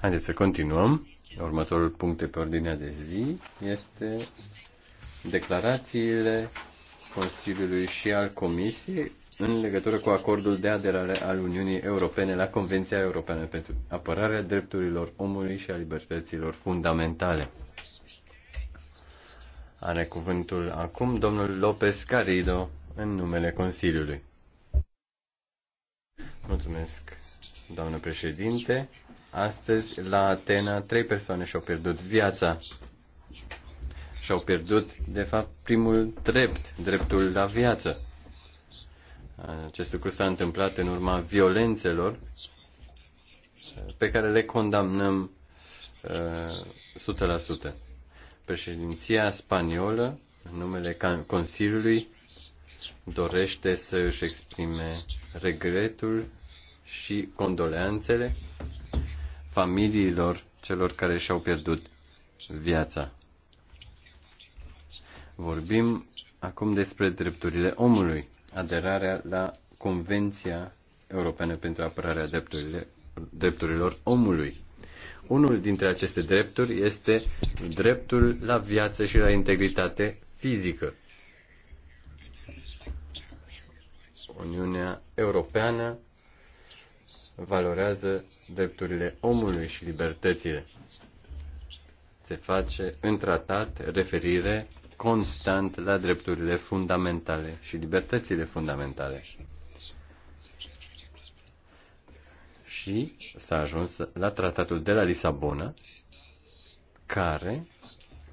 Haideți să continuăm. Următorul punct de pe ordinea de zi este declarațiile Consiliului și al Comisiei în legătură cu acordul de aderare al Uniunii Europene la Convenția Europeană pentru apărarea drepturilor omului și a libertăților fundamentale. Are cuvântul acum domnul López Carido în numele Consiliului. Mulțumesc, doamnă președinte. Astăzi, la Atena, trei persoane și-au pierdut viața. Și-au pierdut, de fapt, primul drept, dreptul la viață. Acest lucru s-a întâmplat în urma violențelor uh, pe care le condamnăm uh, 100%. Președinția spaniolă, în numele Consiliului, dorește să își exprime regretul și condoleanțele familiilor celor care și-au pierdut viața. Vorbim acum despre drepturile omului, aderarea la Convenția Europeană pentru apărarea drepturile, drepturilor omului. Unul dintre aceste drepturi este dreptul la viață și la integritate fizică. Uniunea Europeană valorează drepturile omului și libertățile. Se face în tratat referire constant la drepturile fundamentale și libertățile fundamentale. Și s-a ajuns la tratatul de la Lisabona, care,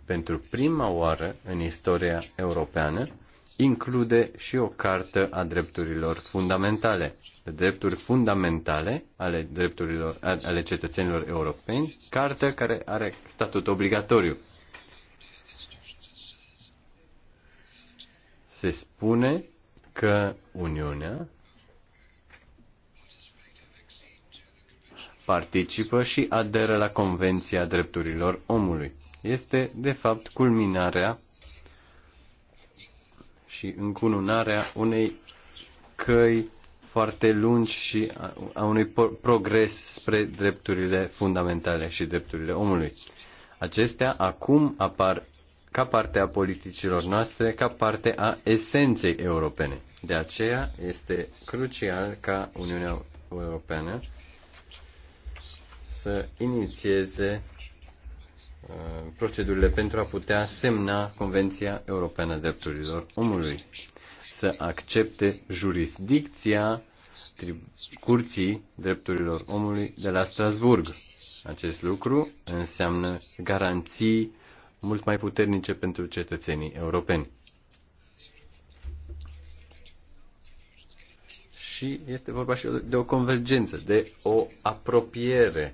pentru prima oară în istoria europeană, include și o cartă a drepturilor fundamentale, drepturi fundamentale ale, drepturilor, ale cetățenilor europeni, cartă care are statut obligatoriu. Se spune că Uniunea participă și aderă la Convenția Drepturilor Omului. Este, de fapt, culminarea și încununarea unei căi foarte lungi și a unui progres spre drepturile fundamentale și drepturile omului. Acestea acum apar ca parte a politicilor noastre, ca parte a esenței europene. De aceea este crucial ca Uniunea Europeană să inițieze Uh, procedurile pentru a putea semna Convenția Europeană a Drepturilor Omului, să accepte jurisdicția Curții Drepturilor Omului de la Strasburg. Acest lucru înseamnă garanții mult mai puternice pentru cetățenii europeni. Și este vorba și de o convergență, de o apropiere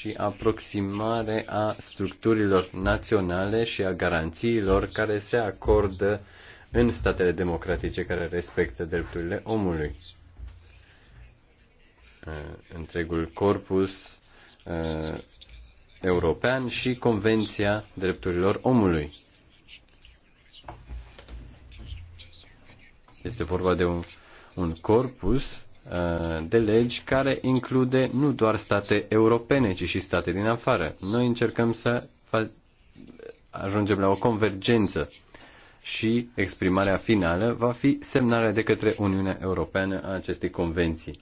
și aproximare a structurilor naționale și a garanțiilor care se acordă în statele democratice care respectă drepturile omului. Uh, întregul corpus uh, european și Convenția Drepturilor Omului. Este vorba de un, un corpus Uh, de legi care include nu doar state europene, ci și state din afară. Noi încercăm să ajungem la o convergență și exprimarea finală va fi semnarea de către Uniunea Europeană a acestei convenții.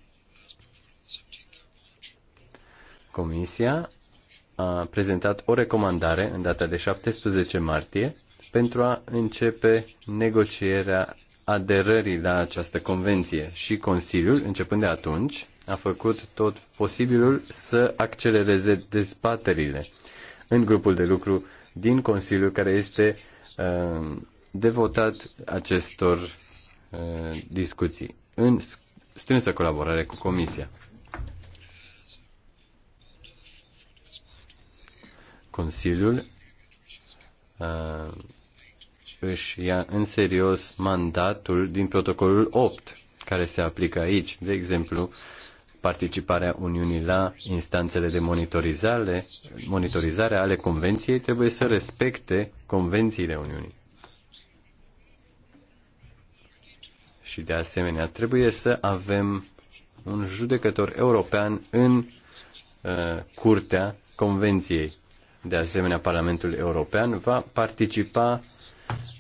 Comisia a prezentat o recomandare în data de 17 martie pentru a începe negocierea aderării la această convenție și Consiliul, începând de atunci, a făcut tot posibilul să accelereze dezbaterile în grupul de lucru din Consiliu care este uh, devotat acestor uh, discuții în strânsă colaborare cu Comisia. Consiliul uh, își ia în serios mandatul din protocolul 8 care se aplică aici. De exemplu, participarea Uniunii la instanțele de monitorizare, monitorizare ale Convenției trebuie să respecte convențiile Uniunii. Și de asemenea, trebuie să avem un judecător european în uh, curtea Convenției. De asemenea, Parlamentul European va participa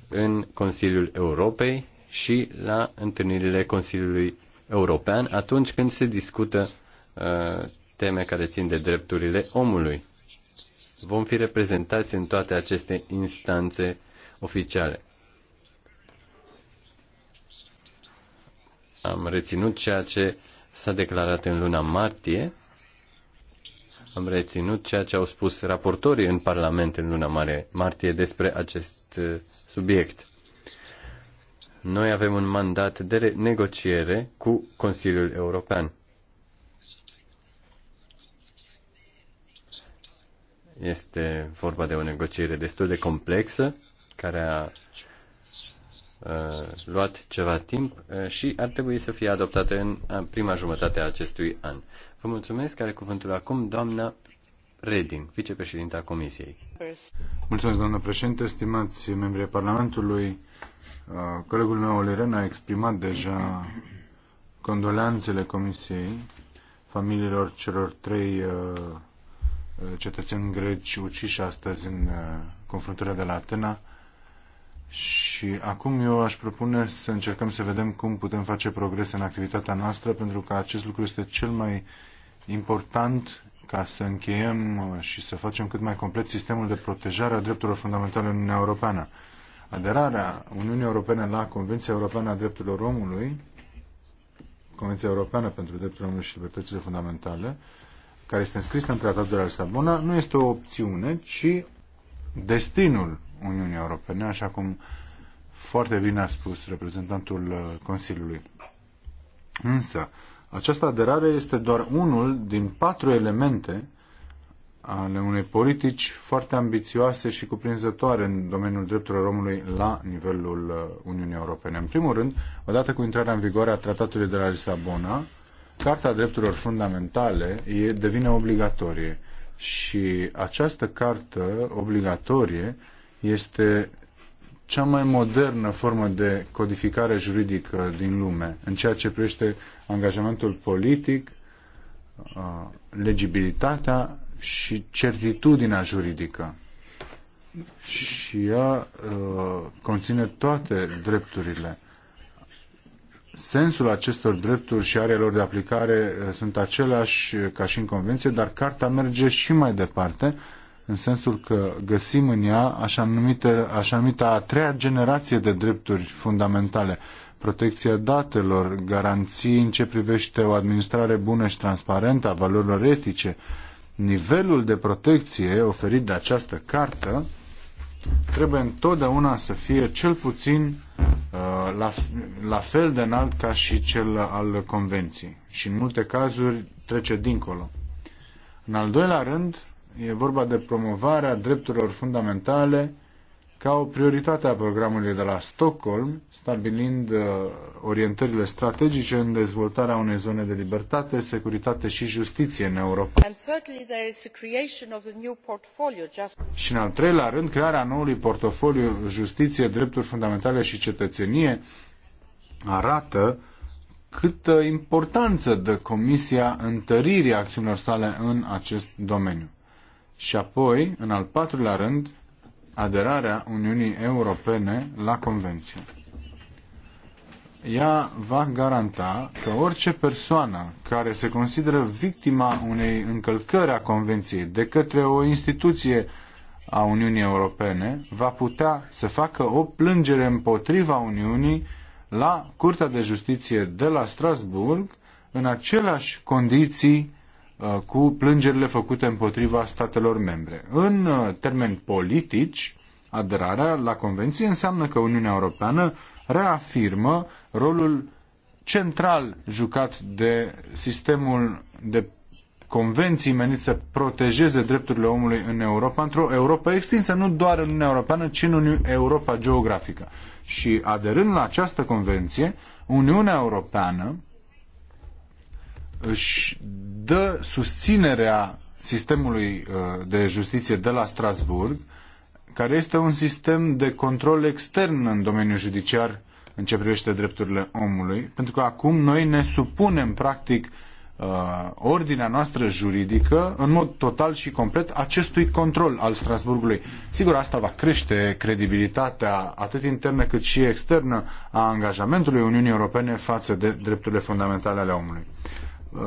în Consiliul Europei și la întâlnirile Consiliului European atunci când se discută uh, teme care țin de drepturile omului. Vom fi reprezentați în toate aceste instanțe oficiale. Am reținut ceea ce s-a declarat în luna martie am reținut ceea ce au spus raportorii în Parlament în luna mare, martie despre acest uh, subiect. Noi avem un mandat de negociere cu Consiliul European. Este vorba de o negociere destul de complexă, care a uh, luat ceva timp uh, și ar trebui să fie adoptate în prima jumătate a acestui an. Vă mulțumesc. Are cuvântul acum doamna Reding, vicepreședinta Comisiei. Mulțumesc, doamna președinte, stimați membrii Parlamentului. Uh, colegul meu, Oliren, a exprimat deja condoleanțele Comisiei familiilor celor trei uh, cetățeni greci uciși astăzi în uh, confruntarea de la Atena. Și acum eu aș propune să încercăm să vedem cum putem face progrese în activitatea noastră, pentru că acest lucru este cel mai important ca să încheiem uh, și să facem cât mai complet sistemul de protejare a drepturilor fundamentale în Uniunea Europeană. Aderarea Uniunii Europene la Convenția Europeană a Drepturilor Omului, Convenția Europeană pentru Drepturile Omului și Libertățile Fundamentale, care este înscrisă în Tratatul de la Lisabona, nu este o opțiune, ci destinul Uniunii Europene, așa cum foarte bine a spus reprezentantul uh, Consiliului. Însă, această aderare este doar unul din patru elemente ale unei politici foarte ambițioase și cuprinzătoare în domeniul drepturilor omului la nivelul uh, Uniunii Europene. În primul rând, odată cu intrarea în vigoare a Tratatului de la Lisabona, Carta Drepturilor Fundamentale devine obligatorie și această cartă obligatorie este cea mai modernă formă de codificare juridică din lume în ceea ce privește angajamentul politic, uh, legibilitatea și certitudinea juridică. Și ea uh, conține toate drepturile sensul acestor drepturi și area lor de aplicare eh, sunt aceleași eh, ca și în Convenție, dar Carta merge și mai departe, în sensul că găsim în ea așa, numită, așa numită a treia generație de drepturi fundamentale, protecția datelor, garanții în ce privește o administrare bună și transparentă a valorilor etice, nivelul de protecție oferit de această cartă trebuie întotdeauna să fie cel puțin Uh, la, la fel de înalt ca și cel al Convenției și în multe cazuri trece dincolo. În al doilea rând, e vorba de promovarea drepturilor fundamentale ca o prioritate a programului de la Stockholm, stabilind uh, orientările strategice în dezvoltarea unei zone de libertate, securitate și justiție în Europa. Și în al treilea rând, crearea noului portofoliu Justiție, Drepturi Fundamentale și Cetățenie arată câtă importanță dă Comisia întăririi acțiunilor sale în acest domeniu. Și apoi, în al patrulea rând, aderarea Uniunii Europene la Convenție. Ea va garanta că orice persoană care se consideră victima unei încălcări a Convenției de către o instituție a Uniunii Europene va putea să facă o plângere împotriva Uniunii la Curtea de Justiție de la Strasburg în aceleași condiții Uh, cu plângerile făcute împotriva statelor membre. În uh, termeni politici, aderarea la convenție înseamnă că Uniunea Europeană reafirmă rolul central jucat de sistemul de convenții menit să protejeze drepturile omului în Europa, într-o Europa extinsă, nu doar în Uniunea Europeană, ci în Europa geografică. Și aderând la această convenție, Uniunea Europeană își dă susținerea sistemului uh, de justiție de la Strasbourg, care este un sistem de control extern în domeniul judiciar în ce privește drepturile omului, pentru că acum noi ne supunem practic uh, ordinea noastră juridică în mod total și complet acestui control al Strasburgului. Sigur, asta va crește credibilitatea atât internă cât și externă a angajamentului Uniunii Europene față de drepturile fundamentale ale omului. Uh,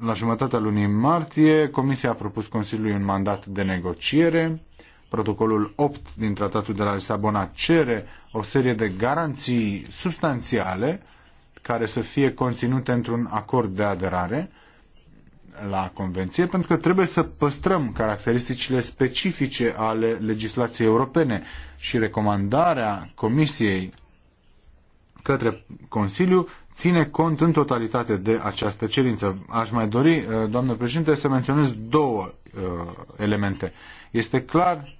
la jumătatea lunii martie, Comisia a propus Consiliului un mandat de negociere. Protocolul 8 din Tratatul de la Lisabona cere o serie de garanții substanțiale care să fie conținute într-un acord de aderare la Convenție, pentru că trebuie să păstrăm caracteristicile specifice ale legislației europene și recomandarea Comisiei către Consiliu ține cont în totalitate de această cerință. Aș mai dori, uh, doamnă președinte, să menționez două uh, elemente. Este clar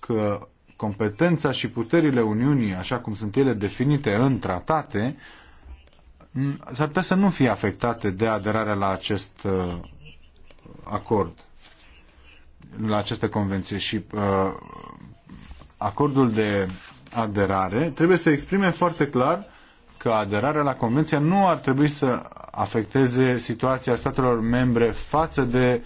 că competența și puterile Uniunii, așa cum sunt ele definite în tratate, s-ar putea să nu fie afectate de aderarea la acest uh, acord, la aceste convenții și uh, acordul de aderare trebuie să exprime foarte clar că aderarea la Convenție nu ar trebui să afecteze situația statelor membre față de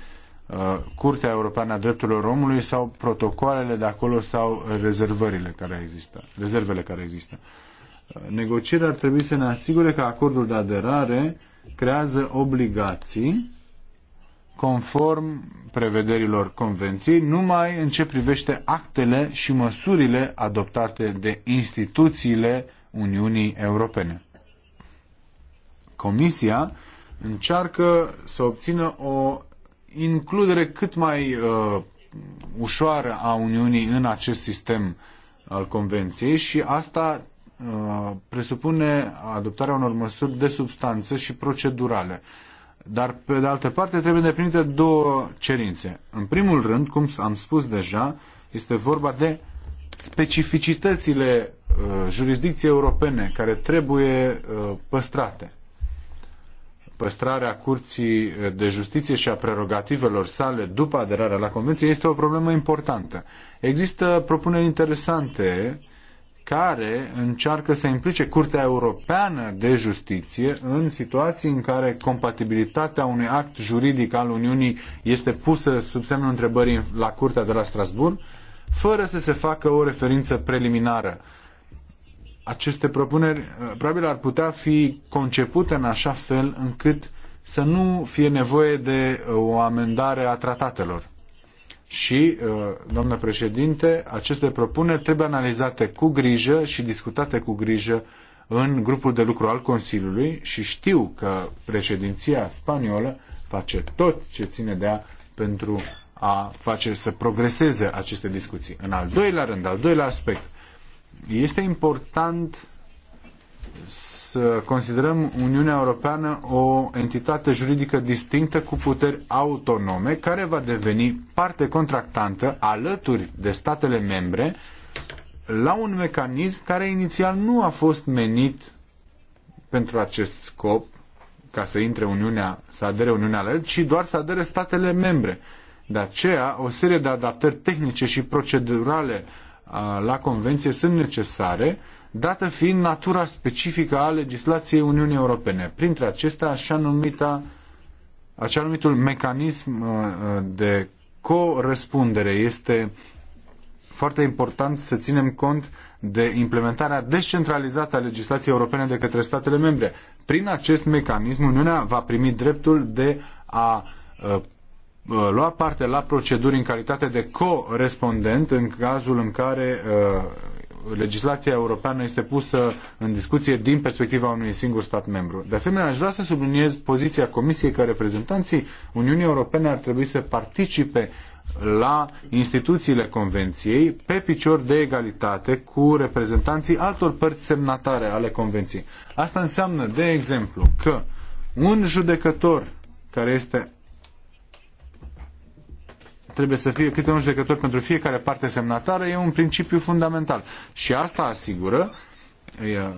uh, Curtea Europeană a Drepturilor Omului sau protocoalele de acolo sau rezervările care există, rezervele care există. Negocierile uh, negocierea ar trebui să ne asigure că acordul de aderare creează obligații conform prevederilor convenției, numai în ce privește actele și măsurile adoptate de instituțiile Uniunii Europene. Comisia încearcă să obțină o includere cât mai uh, ușoară a Uniunii în acest sistem al Convenției și asta uh, presupune adoptarea unor măsuri de substanță și procedurale. Dar, pe de altă parte, trebuie îndeplinite două cerințe. În primul rând, cum am spus deja, este vorba de specificitățile uh, jurisdicției europene care trebuie uh, păstrate. Păstrarea Curții de Justiție și a prerogativelor sale după aderarea la Convenție este o problemă importantă. Există propuneri interesante care încearcă să implice Curtea Europeană de Justiție în situații în care compatibilitatea unui act juridic al Uniunii este pusă sub semnul întrebării la Curtea de la Strasbourg fără să se facă o referință preliminară. Aceste propuneri uh, probabil ar putea fi concepute în așa fel încât să nu fie nevoie de uh, o amendare a tratatelor. Și, uh, doamnă președinte, aceste propuneri trebuie analizate cu grijă și discutate cu grijă în grupul de lucru al Consiliului și știu că președinția spaniolă face tot ce ține de ea pentru a face să progreseze aceste discuții. În al doilea rând, al doilea aspect, este important să considerăm Uniunea Europeană o entitate juridică distinctă cu puteri autonome care va deveni parte contractantă alături de statele membre la un mecanism care inițial nu a fost menit pentru acest scop ca să intre Uniunea, să adere Uniunea la el, ci doar să adere statele membre. De aceea, o serie de adaptări tehnice și procedurale la convenție sunt necesare, dată fiind natura specifică a legislației Uniunii Europene. Printre acestea, așa numita, așa numitul mecanism de corespundere este foarte important să ținem cont de implementarea descentralizată a legislației europene de către statele membre. Prin acest mecanism, Uniunea va primi dreptul de a Uh, lua parte la proceduri în calitate de corespondent în cazul în care uh, legislația europeană este pusă în discuție din perspectiva unui singur stat membru. De asemenea, aș vrea să subliniez poziția Comisiei că reprezentanții Uniunii Europene ar trebui să participe la instituțiile Convenției pe picior de egalitate cu reprezentanții altor părți semnatare ale Convenției. Asta înseamnă, de exemplu, că un judecător care este trebuie să fie câte un judecător pentru fiecare parte semnatară, e un principiu fundamental. Și asta asigură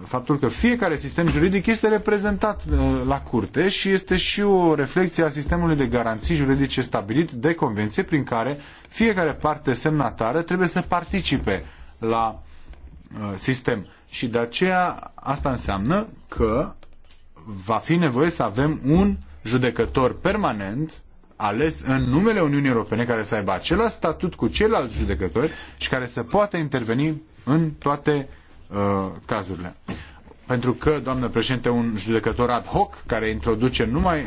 faptul că fiecare sistem juridic este reprezentat la curte și este și o reflexie a sistemului de garanții juridice stabilit de convenție prin care fiecare parte semnatară trebuie să participe la sistem. Și de aceea asta înseamnă că va fi nevoie să avem un judecător permanent ales în numele Uniunii Europene care să aibă același statut cu ceilalți judecători și care să poată interveni în toate uh, cazurile. Pentru că, doamnă președinte, un judecător ad hoc care introduce numai,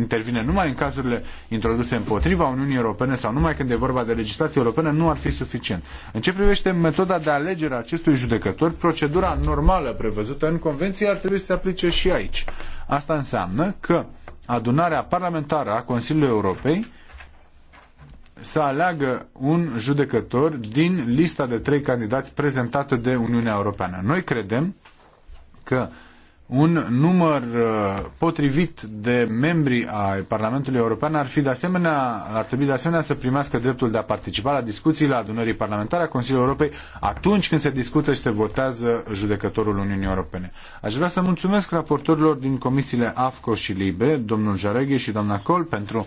intervine numai în cazurile introduse împotriva Uniunii Europene sau numai când e vorba de legislație europeană nu ar fi suficient. În ce privește metoda de alegere a acestui judecător, procedura normală prevăzută în convenție ar trebui să se aplice și aici. Asta înseamnă că uh, adunarea parlamentară a Consiliului Europei să aleagă un judecător din lista de trei candidați prezentată de Uniunea Europeană. Noi credem că uh, un număr uh, potrivit de membri ai Parlamentului European ar, fi de asemenea, ar trebui de asemenea să primească dreptul de a participa la discuțiile adunării parlamentare a Consiliului Europei atunci când se discută și se votează judecătorul Uniunii Europene. Aș vrea să mulțumesc raportorilor din comisiile AFCO și LIBE, domnul Jareghe și doamna Col, pentru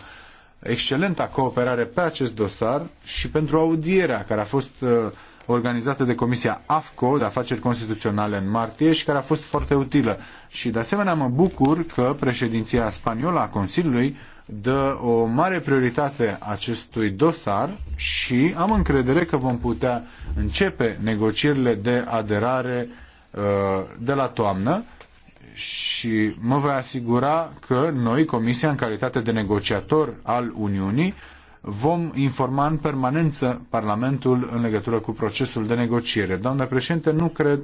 excelenta cooperare pe acest dosar și pentru audierea care a fost uh, organizată de Comisia AFCO de afaceri constituționale în martie și care a fost foarte utilă. Și de asemenea mă bucur că președinția spaniolă a Consiliului dă o mare prioritate acestui dosar și am încredere că vom putea începe negocierile de aderare uh, de la toamnă și mă voi asigura că noi, Comisia, în calitate de negociator al Uniunii, vom informa în permanență Parlamentul în legătură cu procesul de negociere. Doamna președinte, nu cred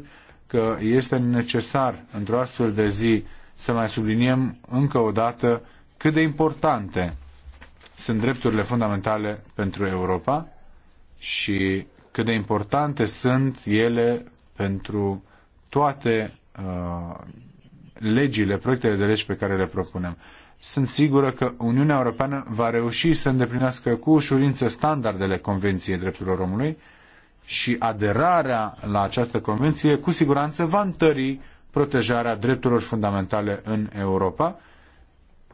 că este necesar într-o astfel de zi să mai subliniem încă o dată cât de importante sunt drepturile fundamentale pentru Europa și cât de importante sunt ele pentru toate uh, legile, proiectele de legi pe care le propunem. Sunt sigură că Uniunea Europeană va reuși să îndeplinească cu ușurință standardele Convenției Drepturilor Omului și aderarea la această convenție cu siguranță va întări protejarea drepturilor fundamentale în Europa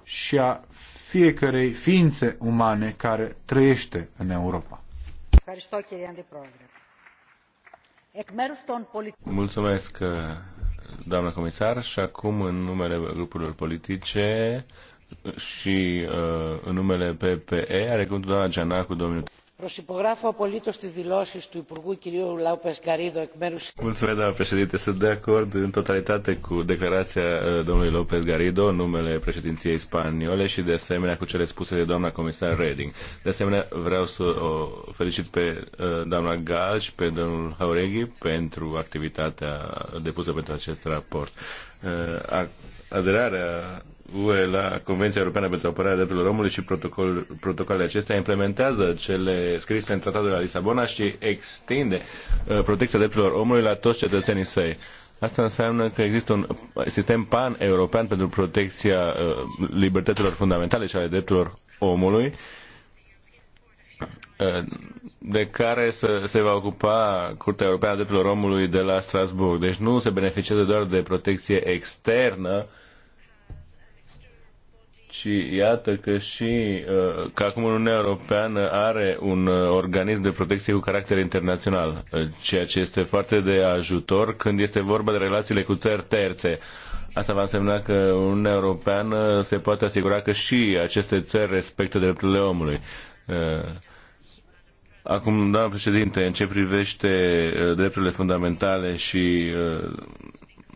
și a fiecărei ființe umane care trăiește în Europa. Mulțumesc, doamnă comisar, și acum în numele grupurilor politice și uh, în numele PPE are cuvântul doamna Gianacu, minute. Προσυπογράφω απολύτω τι δηλώσει του Υπουργού κ. Λάουπε Γκαρίδο εκ μέρου. Mulțumesc, doamna președinte. Sunt de acord în totalitate cu declarația uh, domnului López Garrido în numele președinției spaniole și de asemenea cu cele spuse de doamna comisar Reding. De asemenea, vreau să o felicit pe uh, doamna Gal și pe domnul Haureghi pentru activitatea depusă pentru acest raport. Uh, aderarea UE la Convenția Europeană pentru Apărarea Drepturilor Omului și protocol, protocolele acestea implementează cele scrise în Tratatul de la Lisabona și extinde uh, protecția drepturilor omului la toți cetățenii săi. Asta înseamnă că există un sistem pan-european pentru protecția uh, libertăților fundamentale și ale drepturilor omului, uh, de care să, se va ocupa Curtea Europeană a Drepturilor Omului de la Strasburg. Deci nu se beneficiază doar de protecție externă uh, și iată că și uh, că acum Uniunea Europeană are un uh, organism de protecție cu caracter internațional, uh, ceea ce este foarte de ajutor când este vorba de relațiile cu țări terțe. Asta va însemna că Uniunea Europeană se poate asigura că și aceste țări respectă drepturile omului. Acum, doamnă președinte, în ce privește drepturile fundamentale și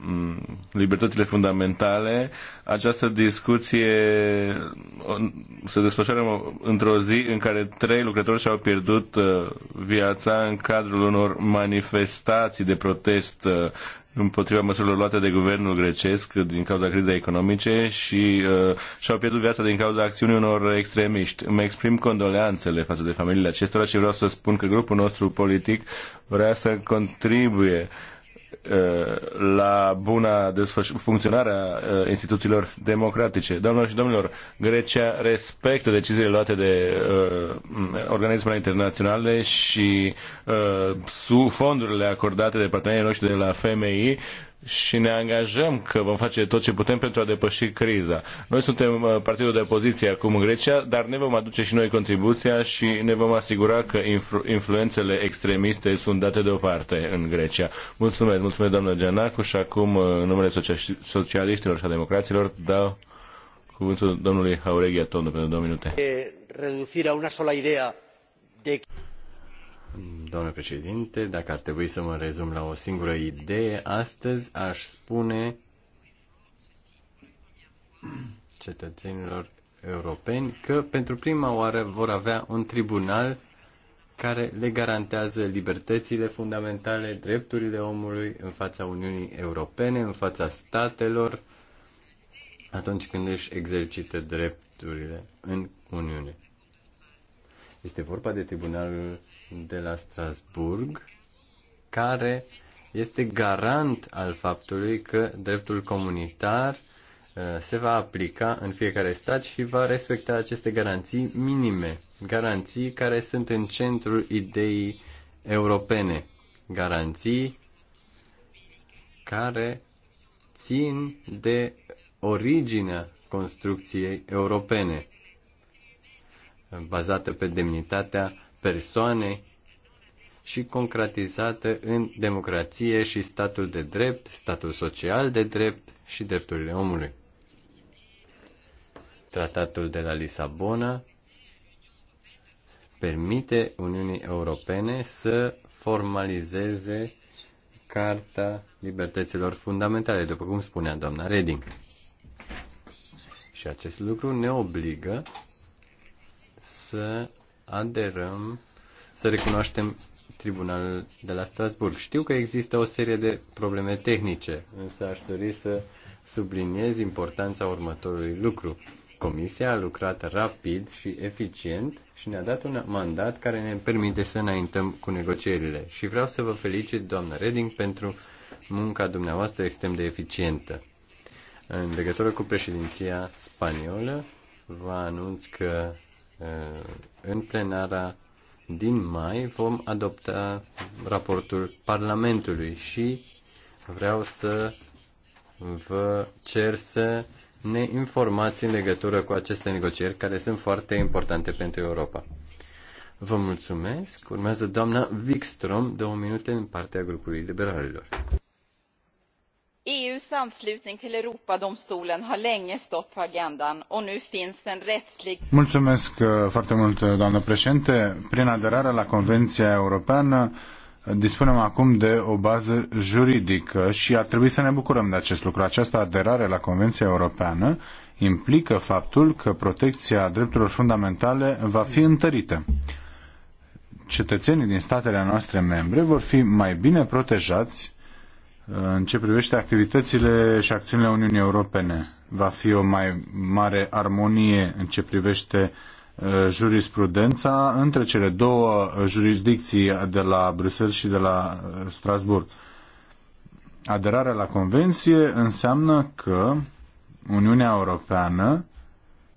Mm, libertățile fundamentale, această discuție se desfășoară într-o zi în care trei lucrători și-au pierdut uh, viața în cadrul unor manifestații de protest uh, împotriva măsurilor luate de guvernul grecesc din cauza crizei economice și uh, și-au pierdut viața din cauza acțiunii unor extremiști. Îmi exprim condoleanțele față de familiile acestora și vreau să spun că grupul nostru politic vrea să contribuie uh, Uh, la buna funcționare a uh, instituțiilor democratice. Doamnelor și domnilor, Grecia respectă deciziile luate de uh, organismele internaționale și uh, sub fondurile acordate de partenerii noștri de la FMI și ne angajăm că vom face tot ce putem pentru a depăși criza. Noi suntem uh, partidul de opoziție acum în Grecia, dar ne vom aduce și noi contribuția și ne vom asigura că influ- influențele extremiste sunt date deoparte în Grecia. Mulțumesc, mulțumesc doamnă Gianacu și acum uh, în numele socialiștilor și a democraților dau cuvântul domnului Haureghi Atondo pentru două minute. Reducirea una sola idee de Domnule președinte, dacă ar trebui să mă rezum la o singură idee, astăzi aș spune cetățenilor europeni că pentru prima oară vor avea un tribunal care le garantează libertățile fundamentale, drepturile omului în fața Uniunii Europene, în fața statelor, atunci când își exercită drepturile în Uniune. Este vorba de Tribunalul de la Strasburg, care este garant al faptului că dreptul comunitar uh, se va aplica în fiecare stat și va respecta aceste garanții minime, garanții care sunt în centrul ideii europene, garanții care țin de originea construcției europene, bazată pe demnitatea persoane și concretizată în democrație și statul de drept, statul social de drept și drepturile omului. Tratatul de la Lisabona permite Uniunii Europene să formalizeze Carta Libertăților Fundamentale, după cum spunea doamna Reding. Și acest lucru ne obligă să aderăm, să recunoaștem Tribunalul de la Strasburg. Știu că există o serie de probleme tehnice, însă aș dori să subliniez importanța următorului lucru. Comisia a lucrat rapid și eficient și ne-a dat un mandat care ne permite să înaintăm cu negocierile. Și vreau să vă felicit, doamnă Reding, pentru munca dumneavoastră extrem de eficientă. În legătură cu președinția spaniolă, vă anunț că Eh, în plenara din mai vom adopta raportul Parlamentului și vreau să vă cer să ne informați în legătură cu aceste negocieri care sunt foarte importante pentru Europa. Vă mulțumesc. Urmează doamna Wikstrom, două minute în partea grupului liberalilor eus anslutning till europadomstolen har länge stått på agendan och nu finns en rättslig. Mulțumesc uh, foarte mult, uh, doamnă președinte. Prin aderarea la Convenția Europeană uh, dispunem acum de o bază juridică și ar trebui să ne bucurăm de acest lucru. Această aderare la Convenția Europeană implică faptul că protecția drepturilor fundamentale va fi întărită. Cetățenii din statele noastre membre vor fi mai bine protejați în ce privește activitățile și acțiunile Uniunii Europene, va fi o mai mare armonie în ce privește uh, jurisprudența între cele două uh, jurisdicții de la Bruxelles și de la uh, Strasbourg. Aderarea la convenție înseamnă că Uniunea Europeană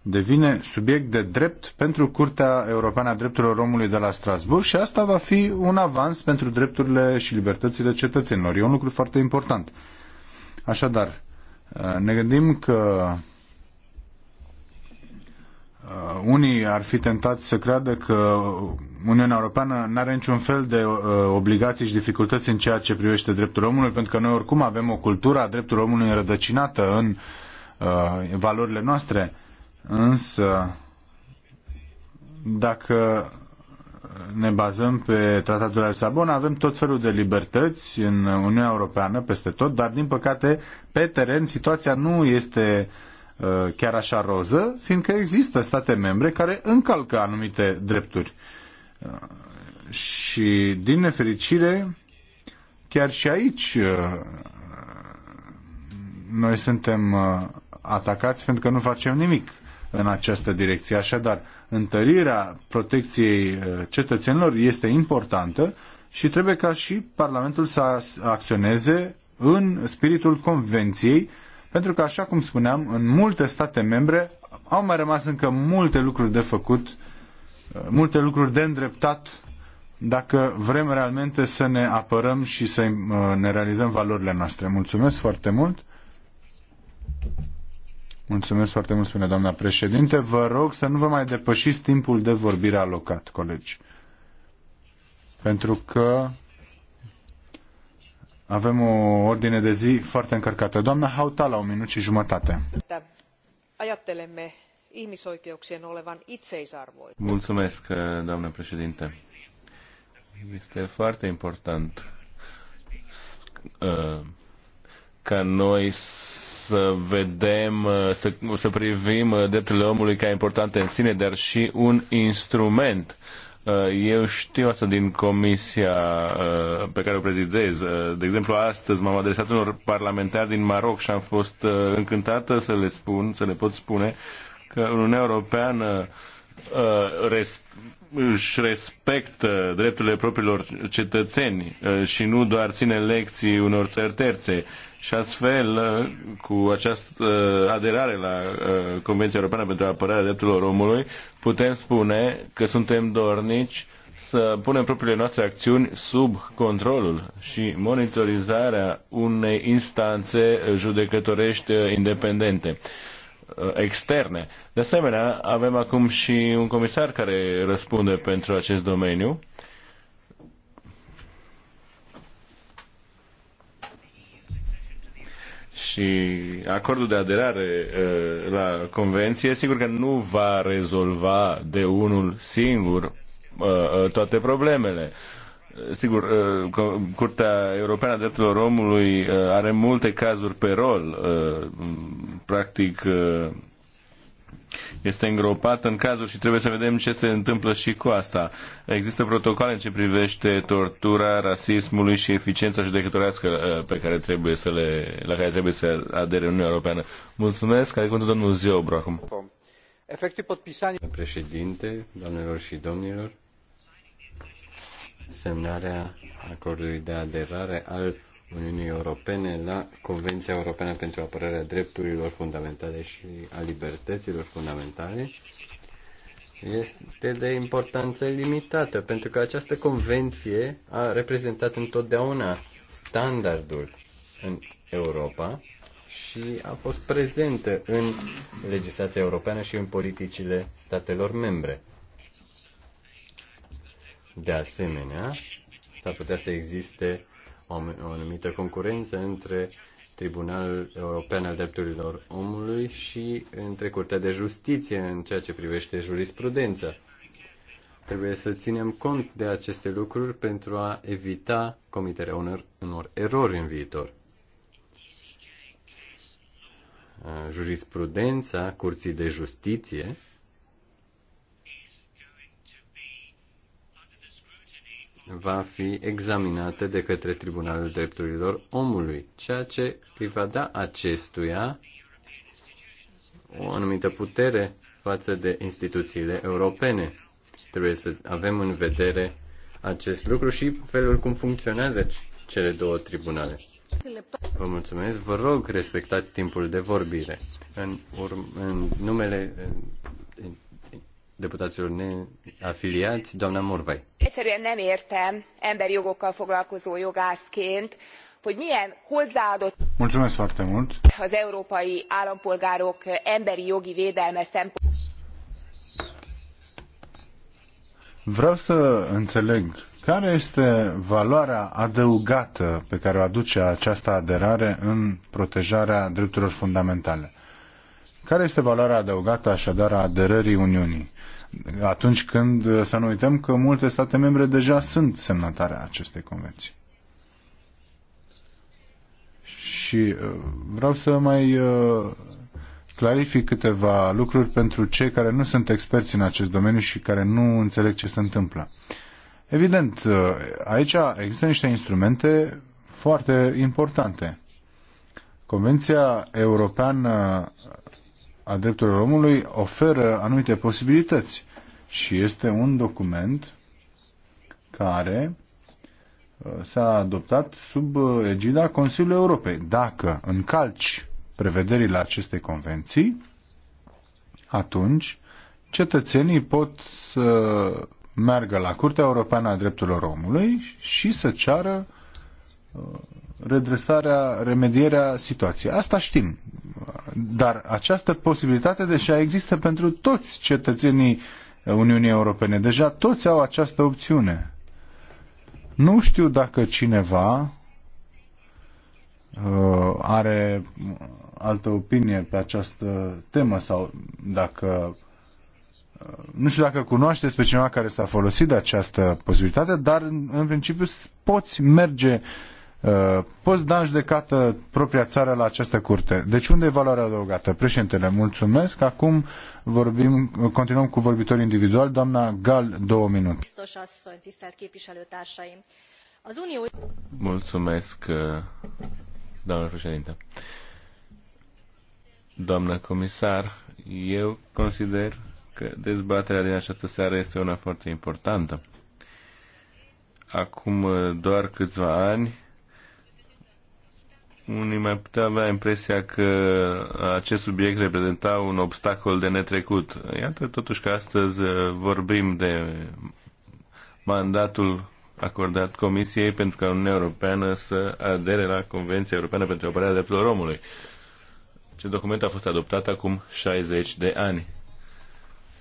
devine subiect de drept pentru Curtea Europeană a Drepturilor Omului de la Strasburg și asta va fi un avans pentru drepturile și libertățile cetățenilor. E un lucru foarte important. Așadar, uh, ne gândim că uh, unii ar fi tentați să creadă că Uniunea Europeană nu are niciun fel de uh, obligații și dificultăți în ceea ce privește dreptul omului, pentru că noi oricum avem o cultură a drepturilor omului înrădăcinată în valorile noastre Însă, dacă ne bazăm pe Tratatul de Lisabona, avem tot felul de libertăți în Uniunea Europeană, peste tot, dar din păcate, pe teren, situația nu este uh, chiar așa roză, fiindcă există state membre care încalcă anumite drepturi. Uh, și, din nefericire, chiar și aici uh, noi suntem atacați pentru că nu facem nimic în această direcție. Așadar, întărirea protecției uh, cetățenilor este importantă și trebuie ca și Parlamentul să acționeze în spiritul convenției, pentru că, așa cum spuneam, în multe state membre au mai rămas încă multe lucruri de făcut, uh, multe lucruri de îndreptat dacă vrem realmente să ne apărăm și să uh, ne realizăm valorile noastre. Mulțumesc foarte mult! Mulțumesc foarte mult, spune doamna președinte. Vă rog să nu vă mai depășiți timpul de vorbire alocat, colegi. Pentru că avem o ordine de zi foarte încărcată. Doamna Hautala, un minut și jumătate. Mulțumesc, doamnă președinte. Este foarte important uh, ca noi să să vedem, uh, să, să privim uh, drepturile omului ca importante în sine, dar și un instrument. Uh, eu știu asta din comisia pe care o prezidez. De exemplu, astăzi m-am adresat unor parlamentari din Maroc și am fost încântată să le spun, să le pot spune că Uniunea Europeană își respectă drepturile propriilor cetățeni uh, și nu doar ține lecții unor țări terțe. Și astfel, uh, cu această uh, aderare la Convenția Europeană pentru Apărarea Drepturilor Omului, putem spune că suntem dornici să punem propriile noastre acțiuni sub controlul și monitorizarea unei instanțe judecătorești independente. Uh, externe. De asemenea, avem acum și un comisar care răspunde pentru acest domeniu. Și acordul de aderare uh, la convenție, sigur că nu va rezolva de unul singur uh, toate problemele. Sigur, uh, Curtea Europeană a Drepturilor Omului uh, are multe cazuri pe rol. Uh, practic, este îngropat în cazuri și trebuie să vedem ce se întâmplă și cu asta. Există protocoale în ce privește tortura, rasismului și eficiența judecătorească pe care trebuie să le, la care trebuie să adere Uniunea Europeană. Mulțumesc, care cuvântul domnul Zeobro acum. Efectul podpisanii... Președinte, doamnelor și domnilor, semnarea acordului de aderare al Uniunii Europene la Convenția Europeană pentru apărarea drepturilor fundamentale și a libertăților fundamentale este de importanță limitată, pentru că această convenție a reprezentat întotdeauna standardul în Europa și a fost prezentă în legislația europeană și în politicile statelor membre. De asemenea, s-ar putea să existe o, o anumită concurență între Tribunalul European al Drepturilor Omului și între Curtea de Justiție în ceea ce privește jurisprudența. Trebuie să ținem cont de aceste lucruri pentru a evita comiterea unor, unor erori în viitor. Jurisprudența Curții de Justiție va fi examinată de către Tribunalul Drepturilor Omului, ceea ce îi va da acestuia o anumită putere față de instituțiile europene. Trebuie să avem în vedere acest lucru și felul cum funcționează cele două tribunale. Vă mulțumesc. Vă rog, respectați timpul de vorbire. În, urm- în numele deputaților neafiliați, doamna Morvai. Egyszerűen nem értem emberi jogokkal foglalkozó jogászként, hogy milyen hozzáadott Mulțumesc foarte mult. az európai állampolgárok emberi jogi védelme szempontjából. Vreau să înțeleg care este valoarea adăugată pe care o aduce această aderare în protejarea drepturilor fundamentale? Care este valoarea adăugată așadar a aderării Uniunii? atunci când uh, să nu uităm că multe state membre deja sunt semnatare acestei convenții. Și uh, vreau să mai uh, clarific câteva lucruri pentru cei care nu sunt experți în acest domeniu și care nu înțeleg ce se întâmplă. Evident, aici există niște instrumente foarte importante. Convenția Europeană a drepturilor omului oferă anumite posibilități și este un document care uh, s-a adoptat sub uh, egida Consiliului Europei. Dacă încalci prevederile acestei convenții, atunci cetățenii pot să meargă la Curtea Europeană a Drepturilor Omului și să ceară uh, redresarea, remedierea situației. Asta știm. Dar această posibilitate deja există pentru toți cetățenii Uniunii Europene. Deja toți au această opțiune. Nu știu dacă cineva uh, are altă opinie pe această temă sau dacă uh, nu știu dacă cunoașteți pe cineva care s-a folosit de această posibilitate, dar în principiu poți merge Uh, poți da în judecată propria țară la această curte. Deci unde e valoarea adăugată? Președintele, mulțumesc. Acum vorbim, continuăm cu vorbitorii individuali. Doamna Gal, două minute. Mulțumesc, uh, doamna președinte. Doamna comisar, eu consider că dezbaterea din această seară este una foarte importantă. Acum uh, doar câțiva ani, unii mai putea avea impresia că acest subiect reprezenta un obstacol de netrecut. Iată totuși că astăzi uh, vorbim de mandatul acordat Comisiei pentru ca Uniunea Europeană să adere la Convenția Europeană pentru apărarea drepturilor omului. Ce document a fost adoptat acum 60 de ani.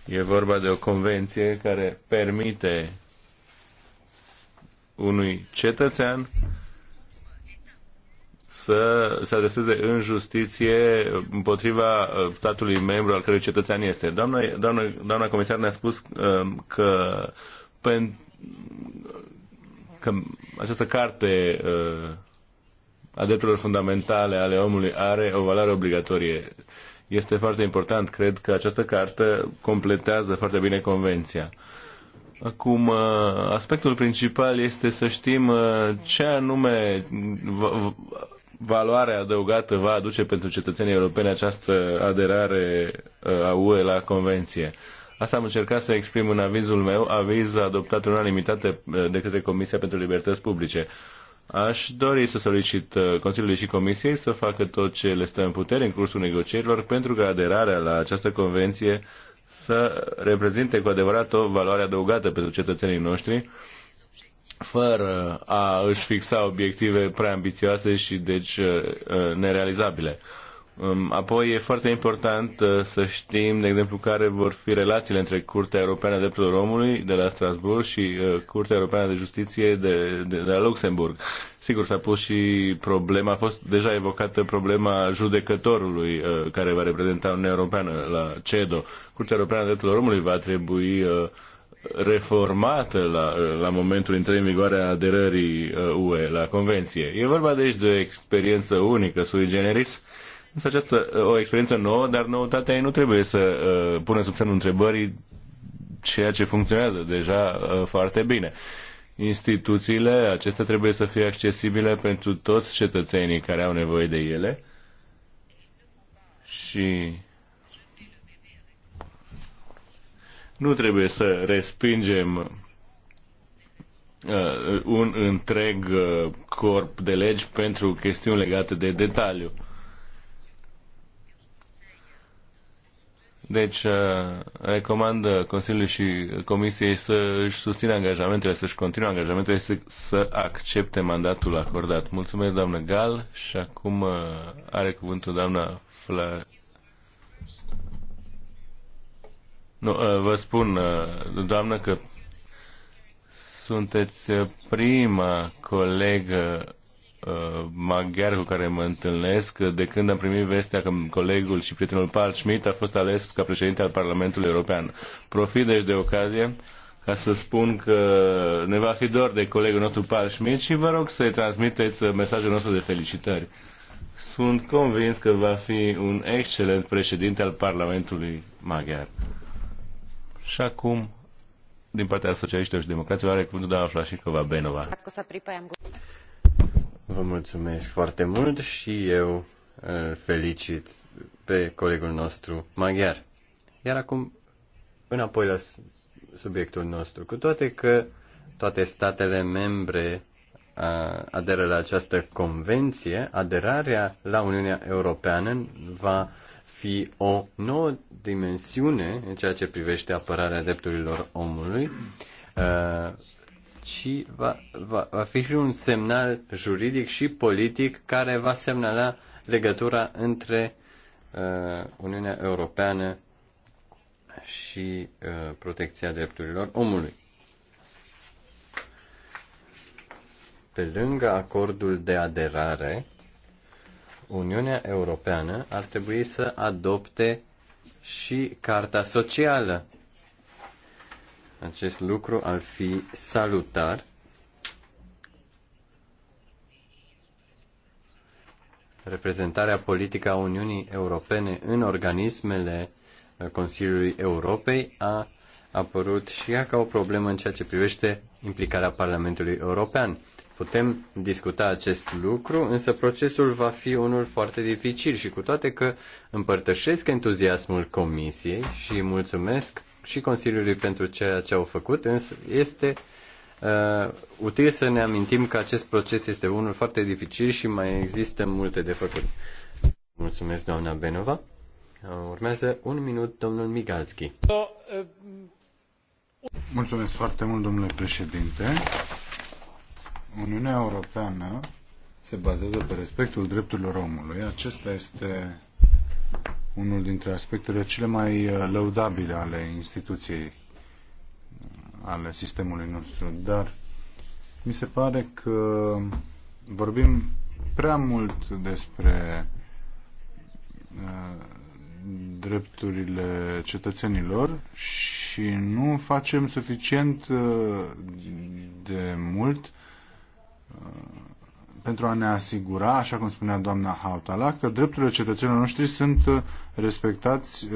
E vorba de o convenție care permite unui cetățean să se adreseze în justiție împotriva uh, statului membru al cărui cetățean este. Doamna, doamna, doamna comisar ne-a spus um, că, că această carte uh, a drepturilor fundamentale ale omului are o valoare obligatorie. Este foarte important. Cred că această carte completează foarte bine convenția. Acum, uh, aspectul principal este să știm ce anume valoare adăugată va aduce pentru cetățenii europeni această aderare uh, a UE la Convenție. Asta am încercat să exprim în avizul meu, aviz adoptat în unanimitate uh, de către Comisia pentru Libertăți Publice. Aș dori să solicit uh, Consiliului și Comisiei să facă tot ce le stă în putere în cursul negocierilor pentru că aderarea la această convenție să reprezinte cu adevărat o valoare adăugată pentru cetățenii noștri fără a își fixa obiective prea ambițioase și deci uh, uh, nerealizabile. Um, apoi e foarte important uh, să știm, de exemplu, care vor fi relațiile între Curtea Europeană a Drepturilor Omului de la Strasburg și Curtea Europeană de Justiție de, de, de la Luxemburg. Sigur, s-a pus și problema, a fost deja evocată problema judecătorului care va reprezenta Uniunea Europeană la CEDO. Curtea Europeană a Drepturilor Omului va trebui reformată la, la momentul intrării în vigoare a aderării UE uh, la Convenție. E vorba deci de o experiență unică, sui generis, însă această, uh, o experiență nouă, dar noutatea ei nu trebuie să uh, pună sub semnul întrebării ceea ce funcționează deja uh, foarte bine. Instituțiile acestea trebuie să fie accesibile pentru toți cetățenii care au nevoie de ele și Nu trebuie să respingem uh, un întreg uh, corp de legi pentru chestiuni legate de detaliu. Deci, uh, recomand Consiliului și Comisiei să își susțină angajamentele, să-și continue angajamentele, să, să accepte mandatul acordat. Mulțumesc, doamnă Gal, și acum are cuvântul doamna Fla Nu, uh, vă spun, uh, doamnă, că sunteți uh, prima colegă maghiar cu care mă întâlnesc de când am primit vestea că colegul și prietenul Paul Schmidt a fost ales ca președinte al Parlamentului European. Profit deci de ocazie ca să spun că ne va fi dor de colegul nostru Paul Schmidt și vă rog să-i transmiteți mesajul nostru de felicitări. Sunt convins că va fi un excelent președinte al Parlamentului maghiar. Și acum, din partea socialiștilor și democraților, are cuvântul doamna Flașicova Benova. Vă mulțumesc foarte mult și eu uh, felicit pe colegul nostru maghiar. Iar acum, înapoi la subiectul nostru, cu toate că toate statele membre uh, aderă la această convenție, aderarea la Uniunea Europeană va fi o nouă dimensiune în ceea ce privește apărarea drepturilor omului, uh, ci va, va, va fi și un semnal juridic și politic care va semnala legătura între uh, Uniunea Europeană și uh, protecția drepturilor omului. Pe lângă acordul de aderare, Uniunea Europeană ar trebui să adopte și Carta Socială. Acest lucru ar fi salutar. Reprezentarea politică a Uniunii Europene în organismele Consiliului Europei a apărut și ea ca o problemă în ceea ce privește implicarea Parlamentului European. Putem discuta acest lucru, însă procesul va fi unul foarte dificil și cu toate că împărtășesc entuziasmul Comisiei și mulțumesc și Consiliului pentru ceea ce au făcut, însă este uh, util să ne amintim că acest proces este unul foarte dificil și mai există multe de făcut. Mulțumesc, doamna Benova. Urmează un minut domnul Migalski. Mulțumesc foarte mult, domnule președinte. Uniunea Europeană se bazează pe respectul drepturilor omului. Acesta este unul dintre aspectele cele mai uh, lăudabile ale instituției, uh, ale sistemului nostru, dar mi se pare că vorbim prea mult despre uh, drepturile cetățenilor și nu facem suficient de mult pentru a ne asigura, așa cum spunea doamna Hautala, că drepturile cetățenilor noștri sunt uh,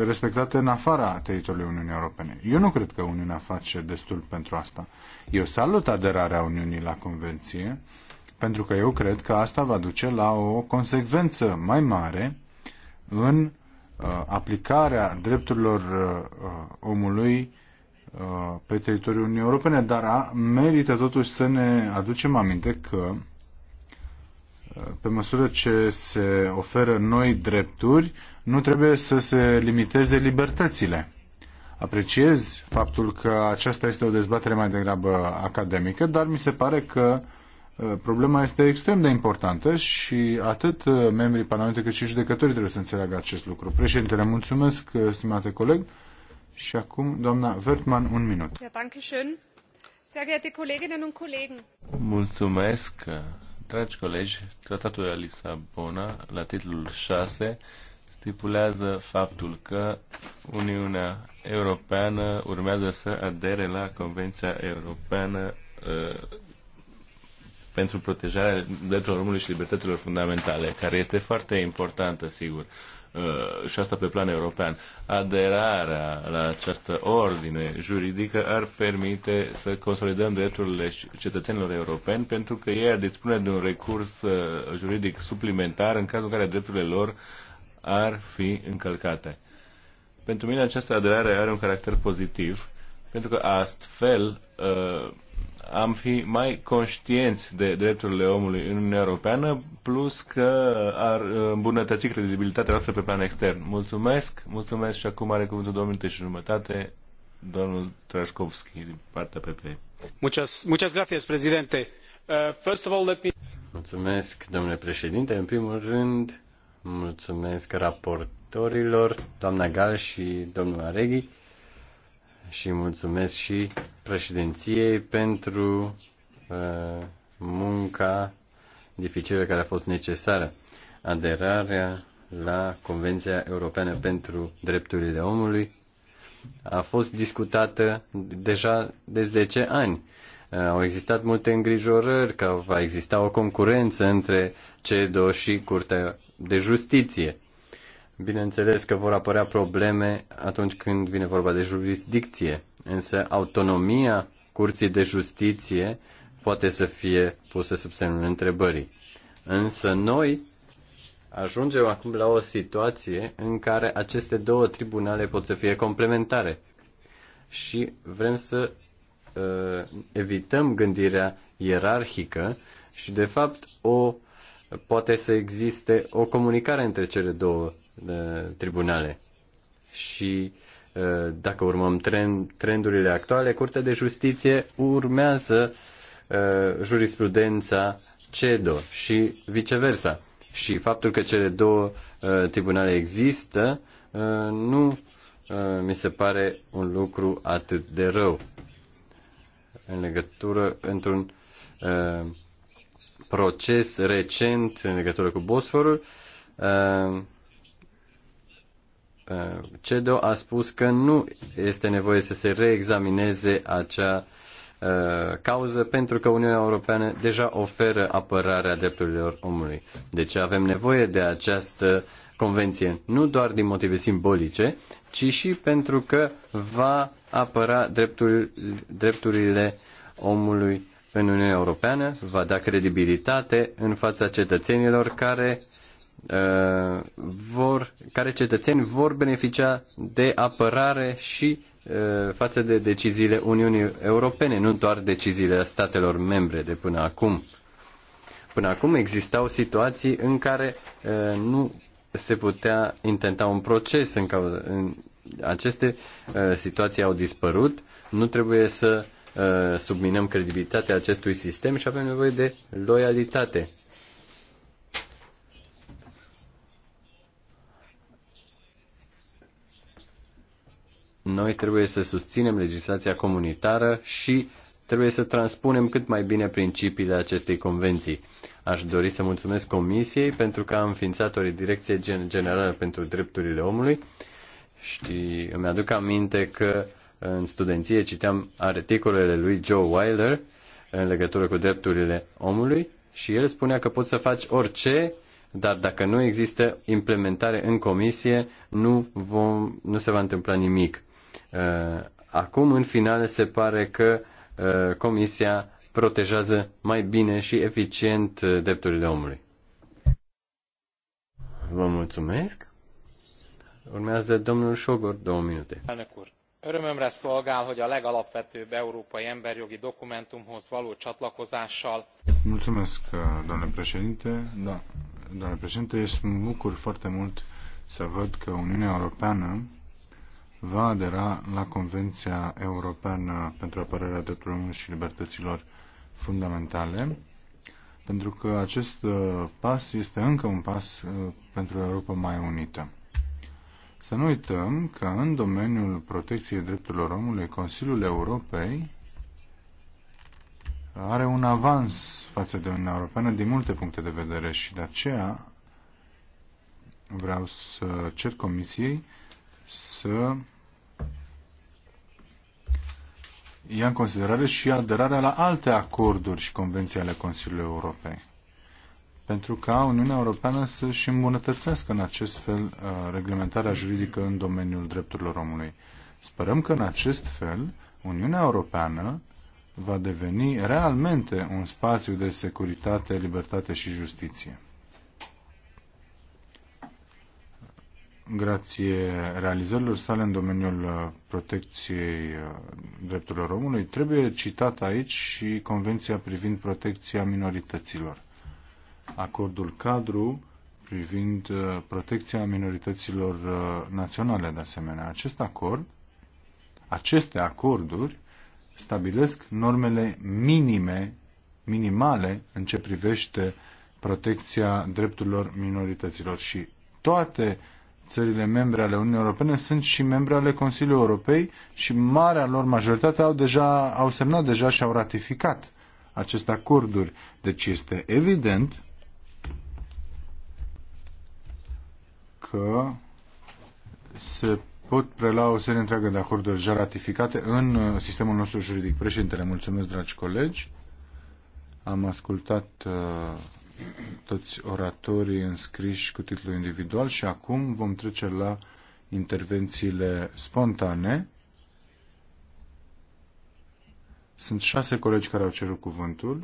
respectate în afara teritoriului Uniunii Europene. Eu nu cred că Uniunea face destul pentru asta. Eu salut aderarea Uniunii la Convenție, pentru că eu cred că asta va duce la o consecvență mai mare în uh, aplicarea drepturilor uh, omului Uh, pe teritoriul Uniunii Europene, dar a, merită totuși să ne aducem aminte că uh, pe măsură ce se oferă noi drepturi, nu trebuie să se limiteze libertățile. Apreciez faptul că aceasta este o dezbatere mai degrabă academică, dar mi se pare că uh, problema este extrem de importantă și atât membrii Parlamentului cât și judecătorii trebuie să înțeleagă acest lucru. Președintele, mulțumesc, stimate coleg. Și acum, un minut. Mulțumesc, dragi colegi. Tratatul de la Lisabona, la titlul 6, stipulează faptul că Uniunea Europeană urmează să adere la Convenția Europeană uh, pentru protejarea drepturilor omului și libertăților fundamentale, care este foarte importantă, sigur. Uh, Uh, și asta pe plan european. Aderarea la această ordine juridică ar permite să consolidăm drepturile cetățenilor europeni pentru că ei ar dispune de un recurs uh, juridic suplimentar în cazul în care drepturile lor ar fi încălcate. Pentru mine această aderare are un caracter pozitiv pentru că astfel uh, am fi mai conștienți de drepturile omului în Uniunea Europeană, plus că ar îmbunătăți credibilitatea noastră pe plan extern. Mulțumesc, mulțumesc și acum are cuvântul două minute și jumătate domnul Trașkovski din partea PP. Muchas, muchas gracias, Uh, first of all, let me... Mulțumesc, domnule președinte. În primul rând, mulțumesc raportorilor, doamna Gal și domnul Areghi și mulțumesc și președinției pentru uh, munca dificilă care a fost necesară. Aderarea la Convenția Europeană pentru Drepturile Omului a fost discutată deja de 10 ani. Uh, au existat multe îngrijorări că va exista o concurență între CEDO și Curtea de Justiție. Bineînțeles că vor apărea probleme atunci când vine vorba de jurisdicție, însă autonomia Curții de Justiție poate să fie pusă sub semnul întrebării. Însă noi ajungem acum la o situație în care aceste două tribunale pot să fie complementare și vrem să uh, evităm gândirea ierarhică și, de fapt, o, poate să existe o comunicare între cele două tribunale. Și uh, dacă urmăm trend, trendurile actuale, Curtea de Justiție urmează uh, jurisprudența CEDO și viceversa. Și faptul că cele două uh, tribunale există nu mi se pare un lucru atât de rău în legătură într-un proces recent în legătură cu Bosforul. Uh, Uh, CEDO a spus că nu este nevoie să se reexamineze acea uh, cauză pentru că Uniunea Europeană deja oferă apărarea drepturilor omului. Deci avem nevoie de această convenție nu doar din motive simbolice, ci și pentru că va apăra dreptul, drepturile omului în Uniunea Europeană, va da credibilitate în fața cetățenilor care Uh, vor, care cetățeni vor beneficia de apărare și uh, față de deciziile Uniunii Europene, nu doar deciziile statelor membre de până acum. Până acum existau situații în care uh, nu se putea intenta un proces în cauza. În aceste situații au dispărut, nu trebuie să subminăm credibilitatea acestui sistem și avem nevoie de loialitate. Noi trebuie să susținem legislația comunitară și trebuie să transpunem cât mai bine principiile acestei convenții. Aș dori să mulțumesc Comisiei pentru că a înființat o direcție generală pentru drepturile omului și îmi aduc aminte că în studenție citeam articolele lui Joe Wilder în legătură cu drepturile omului și el spunea că poți să faci orice, dar dacă nu există implementare în comisie, nu, vom, nu se va întâmpla nimic. Uh, acum, în final, se pare că uh, Comisia protejează mai bine și eficient uh, drepturile omului. Vă mulțumesc. Urmează domnul Sogor, două minute. Örömömre szolgál, hogy a legalapvetőbb európai emberjogi dokumentumhoz való csatlakozással. Mulțumesc, doamne președinte. Da, doamne președinte, este un bucur foarte mult să văd că Uniunea Europeană va adera la Convenția Europeană pentru apărarea drepturilor omului și libertăților fundamentale, pentru că acest uh, pas este încă un pas uh, pentru Europa mai unită. Să nu uităm că în domeniul protecției drepturilor omului, Consiliul Europei are un avans față de Uniunea Europeană din multe puncte de vedere și de aceea vreau să cer Comisiei să ia în considerare și aderarea la alte acorduri și convenții ale Consiliului Europei. Pentru ca Uniunea Europeană să-și îmbunătățească în acest fel uh, reglementarea juridică în domeniul drepturilor omului. Sperăm că în acest fel Uniunea Europeană va deveni realmente un spațiu de securitate, libertate și justiție. grație realizărilor sale în domeniul uh, protecției uh, drepturilor omului, trebuie citat aici și Convenția privind protecția minorităților. Acordul cadru privind uh, protecția minorităților naționale, de asemenea. Acest acord, aceste acorduri stabilesc normele minime, minimale în ce privește protecția drepturilor minorităților și toate uh, țările membre ale Uniunii Europene sunt și membre ale Consiliului Europei și marea lor majoritate au, deja, au semnat deja și au ratificat aceste acorduri. Deci este evident că se pot prelua o serie întreagă de acorduri deja ratificate în uh, sistemul nostru juridic. Președintele, mulțumesc, dragi colegi. Am ascultat uh, toți oratorii înscriși cu titlu individual și acum vom trece la intervențiile spontane. Sunt șase colegi care au cerut cuvântul.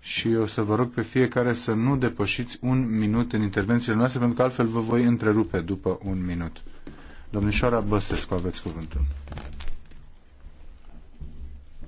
Și o să vă rog pe fiecare să nu depășiți un minut în intervențiile noastre, pentru că altfel vă voi întrerupe după un minut. Domnișoara Băsescu, aveți cuvântul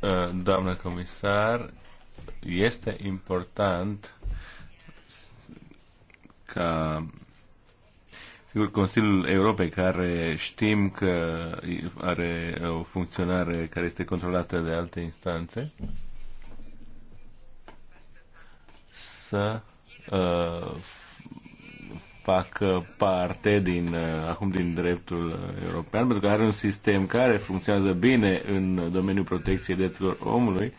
Uh, doamnă comisar, este important ca Sigur, Consiliul Europei, care știm că are o funcționare care este controlată de alte instanțe, să uh, fac uh, parte din, uh, acum din dreptul european, pentru că are un sistem care funcționează bine în domeniul protecției drepturilor omului,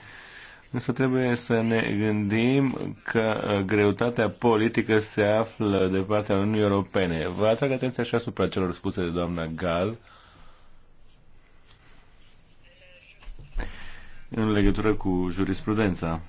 însă trebuie să ne gândim că uh, greutatea politică se află de partea Uniunii Europene. Vă atrag atenția și asupra celor spuse de doamna Gal, în legătură cu jurisprudența.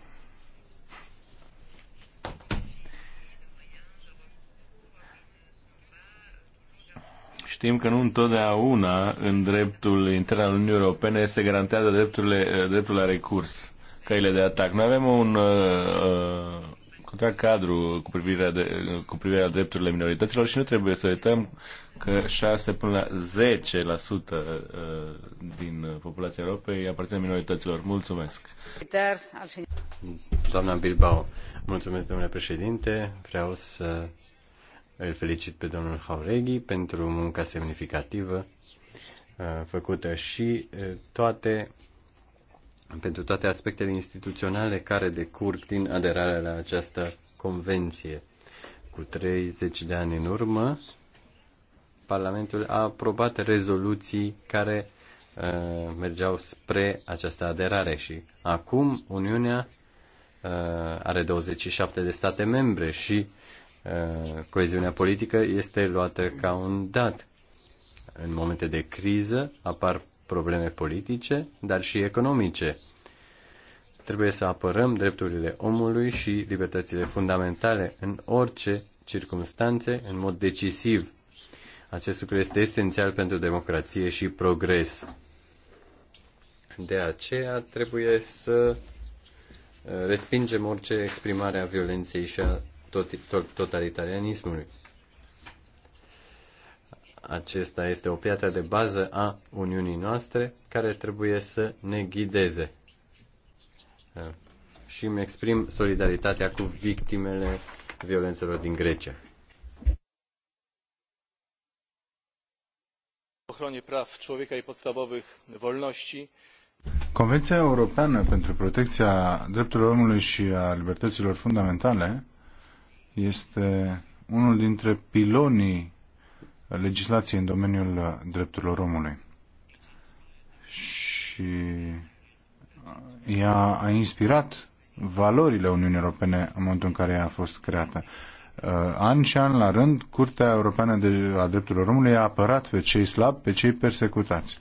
Știm că nu întotdeauna în dreptul intern al Uniunii Europene se garantează drepturile, dreptul la recurs, căile de atac. Noi avem un uh, uh, contract cadru cu privire, de, cu privire la drepturile minorităților și nu trebuie să uităm că 6 până la 10% uh, din populația Europei aparțin minorităților. Mulțumesc! Doamna Bilbao, mulțumesc, domnule președinte. Vreau să îl felicit pe domnul Haureghi pentru munca semnificativă uh, făcută și uh, toate, pentru toate aspectele instituționale care decurg din aderarea la această convenție. Cu 30 de ani în urmă, Parlamentul a aprobat rezoluții care uh, mergeau spre această aderare și acum Uniunea uh, are 27 de state membre și Eh, coeziunea politică este luată ca un dat. În momente de criză apar probleme politice, dar și economice. Trebuie să apărăm drepturile omului și libertățile fundamentale în orice circunstanțe, în mod decisiv. Acest lucru este esențial pentru democrație și progres. De aceea trebuie să eh, respingem orice exprimare a violenței și a totalitarianismului. Acesta este o piatră de bază a Uniunii noastre care trebuie să ne ghideze. Și îmi exprim solidaritatea cu victimele violențelor din Grecia. ochronie praw człowieka i podstawowych wolności. Convenția Europeană pentru protecția drepturilor omului și a libertăților fundamentale este unul dintre pilonii legislației în domeniul drepturilor omului. Și ea a inspirat valorile Uniunii Europene în momentul în care ea a fost creată. Uh, an și an la rând, Curtea Europeană de, a Drepturilor Omului a apărat pe cei slabi, pe cei persecutați.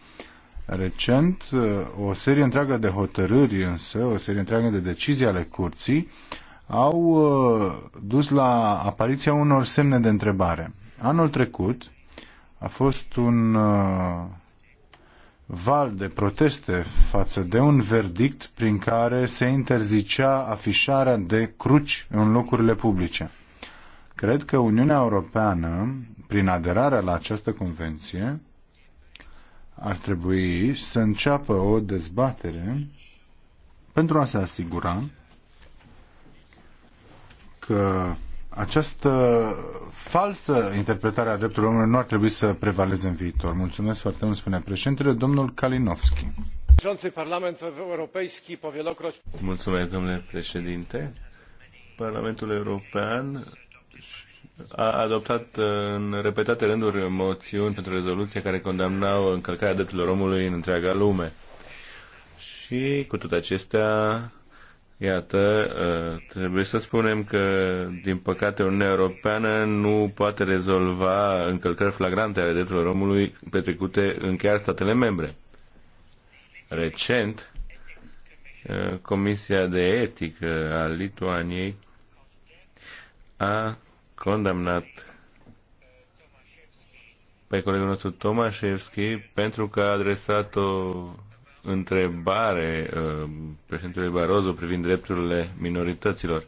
Recent, uh, o serie întreagă de hotărâri însă, o serie întreagă de decizii ale curții, uh, au uh, dus la apariția unor semne de întrebare. Anul trecut a fost un uh, val de proteste față de un verdict prin care se interzicea afișarea de cruci în locurile publice. Cred că Uniunea Europeană, prin aderarea la această convenție, ar trebui să înceapă o dezbatere pentru a se asigura că această falsă interpretare a drepturilor omului nu ar trebui să prevaleze în viitor. Mulțumesc foarte mult, spunea președintele, domnul Kalinowski. Mulțumesc, domnule președinte. Parlamentul European a adoptat în repetate rânduri moțiuni pentru rezoluție care condamnau încălcarea drepturilor omului în întreaga lume. Și cu toate acestea, Iată, ă, trebuie să spunem că, din păcate, Uniunea Europeană nu poate rezolva încălcări flagrante ale drepturilor omului petrecute în chiar statele membre. Recent, ă, Comisia de Etică a Lituaniei a condamnat pe colegul nostru Tomașevski pentru că a adresat o întrebare uh, președintelui Barozo privind drepturile minorităților.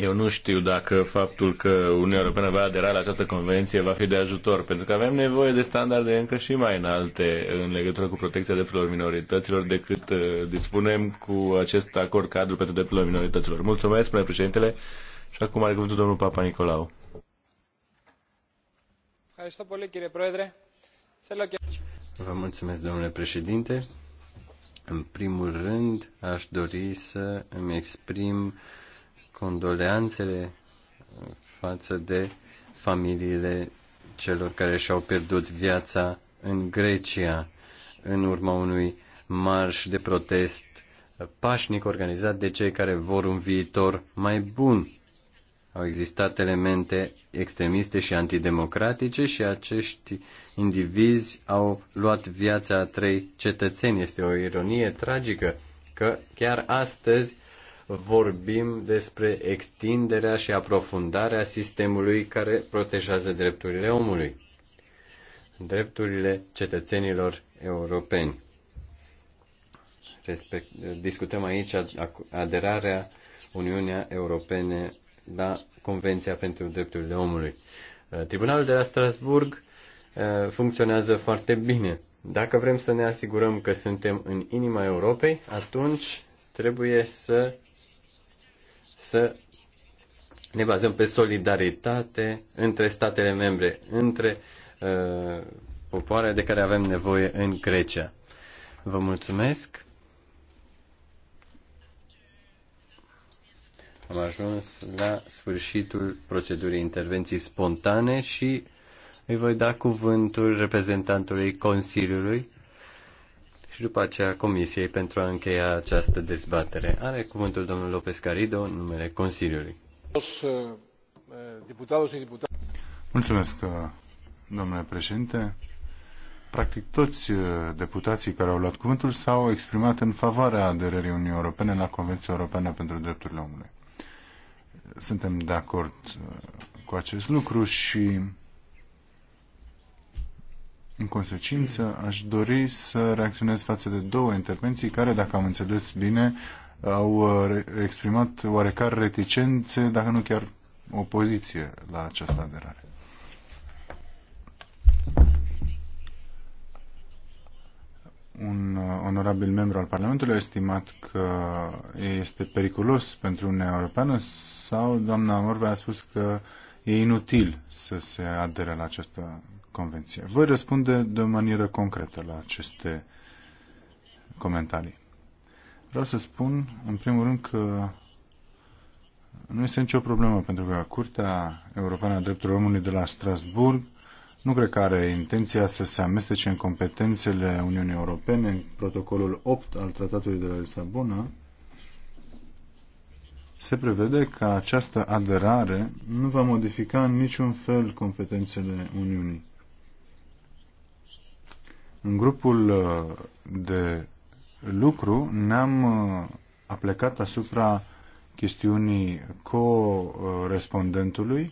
Eu nu știu dacă faptul că Uniunea Europeană va adera la această convenție va fi de ajutor, pentru că avem nevoie de standarde încă și mai înalte în legătură cu protecția drepturilor minorităților decât uh, dispunem cu acest acord cadru pentru drepturile minorităților. Mulțumesc, spune președintele, și acum are cuvântul domnul Papa Nicolau. Vă mulțumesc, domnule președinte. În primul rând, aș dori să îmi exprim condoleanțele față de familiile celor care și-au pierdut viața în Grecia în urma unui marș de protest pașnic organizat de cei care vor un viitor mai bun. Au existat elemente extremiste și antidemocratice și acești indivizi au luat viața a trei cetățeni. Este o ironie tragică că chiar astăzi vorbim despre extinderea și aprofundarea sistemului care protejează drepturile omului, drepturile cetățenilor europeni. Respect, discutăm aici aderarea Uniunea Europene la Convenția pentru Drepturile Omului. Uh, Tribunalul de la Strasburg uh, funcționează foarte bine. Dacă vrem să ne asigurăm că suntem în inima Europei, atunci trebuie să, să ne bazăm pe solidaritate între statele membre, între uh, popoare de care avem nevoie în Grecia. Vă mulțumesc. Am ajuns la sfârșitul procedurii intervenții spontane și îi voi da cuvântul reprezentantului Consiliului și după aceea Comisiei pentru a încheia această dezbatere. Are cuvântul domnul Lopez Carido în numele Consiliului. Mulțumesc, domnule președinte. Practic toți uh, deputații care au luat cuvântul s-au exprimat în favoarea aderării Uniunii Europene la Convenția Europeană pentru Drepturile Omului. Suntem de acord uh, cu acest lucru și în consecință aș dori să reacționez față de două intervenții care, dacă am înțeles bine, au uh, exprimat oarecare reticențe, dacă nu chiar opoziție la această aderare. un uh, onorabil membru al Parlamentului a estimat că este periculos pentru Uniunea Europeană sau doamna Morve a spus că e inutil să se adere la această convenție. Voi răspunde de o manieră concretă la aceste comentarii. Vreau să spun, în primul rând, că nu este nicio problemă, pentru că Curtea Europeană a Drepturilor Omului de la Strasburg nu cred că are intenția să se amestece în competențele Uniunii Europene, în protocolul 8 al Tratatului de la Lisabona, se prevede că această aderare nu va modifica în niciun fel competențele Uniunii. În grupul uh, de lucru ne-am uh, aplecat asupra chestiunii corespondentului uh,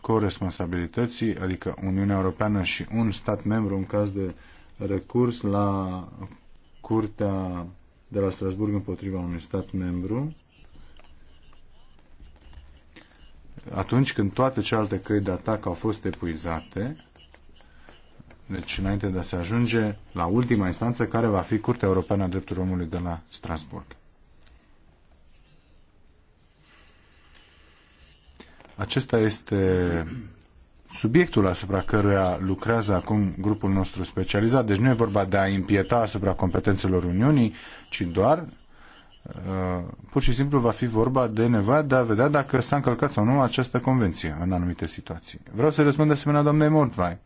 coresponsabilității, adică Uniunea Europeană și un stat membru în caz de recurs la Curtea de la Strasburg împotriva unui stat membru, atunci când toate celelalte căi de atac au fost epuizate, deci înainte de a se ajunge la ultima instanță, care va fi Curtea Europeană a Drepturilor Omului de la Strasburg. Acesta este subiectul asupra căruia lucrează acum grupul nostru specializat. Deci nu e vorba de a impieta asupra competențelor Uniunii, ci doar uh, pur și simplu va fi vorba de nevoia de a vedea dacă s-a încălcat sau nu această convenție în anumite situații. Vreau să răspund de asemenea doamnei Mordvai.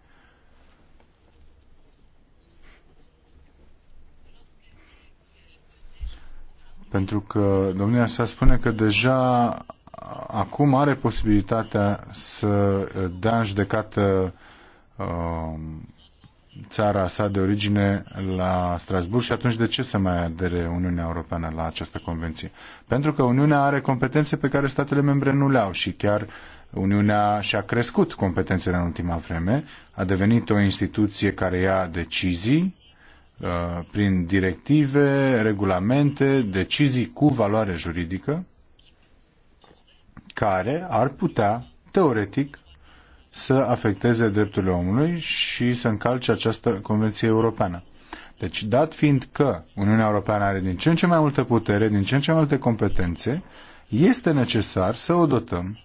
Pentru că domnia sa spune că deja acum are posibilitatea să dea în judecată um, țara sa de origine la Strasburg și atunci de ce să mai adere Uniunea Europeană la această convenție? Pentru că Uniunea are competențe pe care statele membre nu le au și chiar Uniunea și-a crescut competențele în ultima vreme, a devenit o instituție care ia decizii uh, prin directive, regulamente, decizii cu valoare juridică care ar putea, teoretic, să afecteze drepturile omului și să încalce această convenție europeană. Deci, dat fiind că Uniunea Europeană are din ce în ce mai multă putere, din ce în ce mai multe competențe, este necesar să o dotăm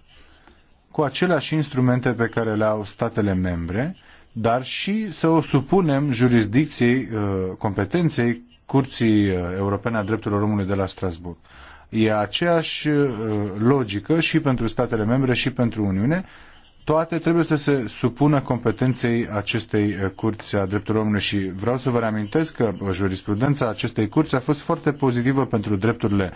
cu aceleași instrumente pe care le au statele membre, dar și să o supunem jurisdicției, uh, competenței Curții uh, Europene a Drepturilor Omului de la Strasburg. E aceeași uh, logică și pentru statele membre și pentru Uniune. Toate trebuie să se supună competenței acestei uh, curți a drepturilor omului și vreau să vă reamintesc că uh, jurisprudența acestei curți a fost foarte pozitivă pentru drepturile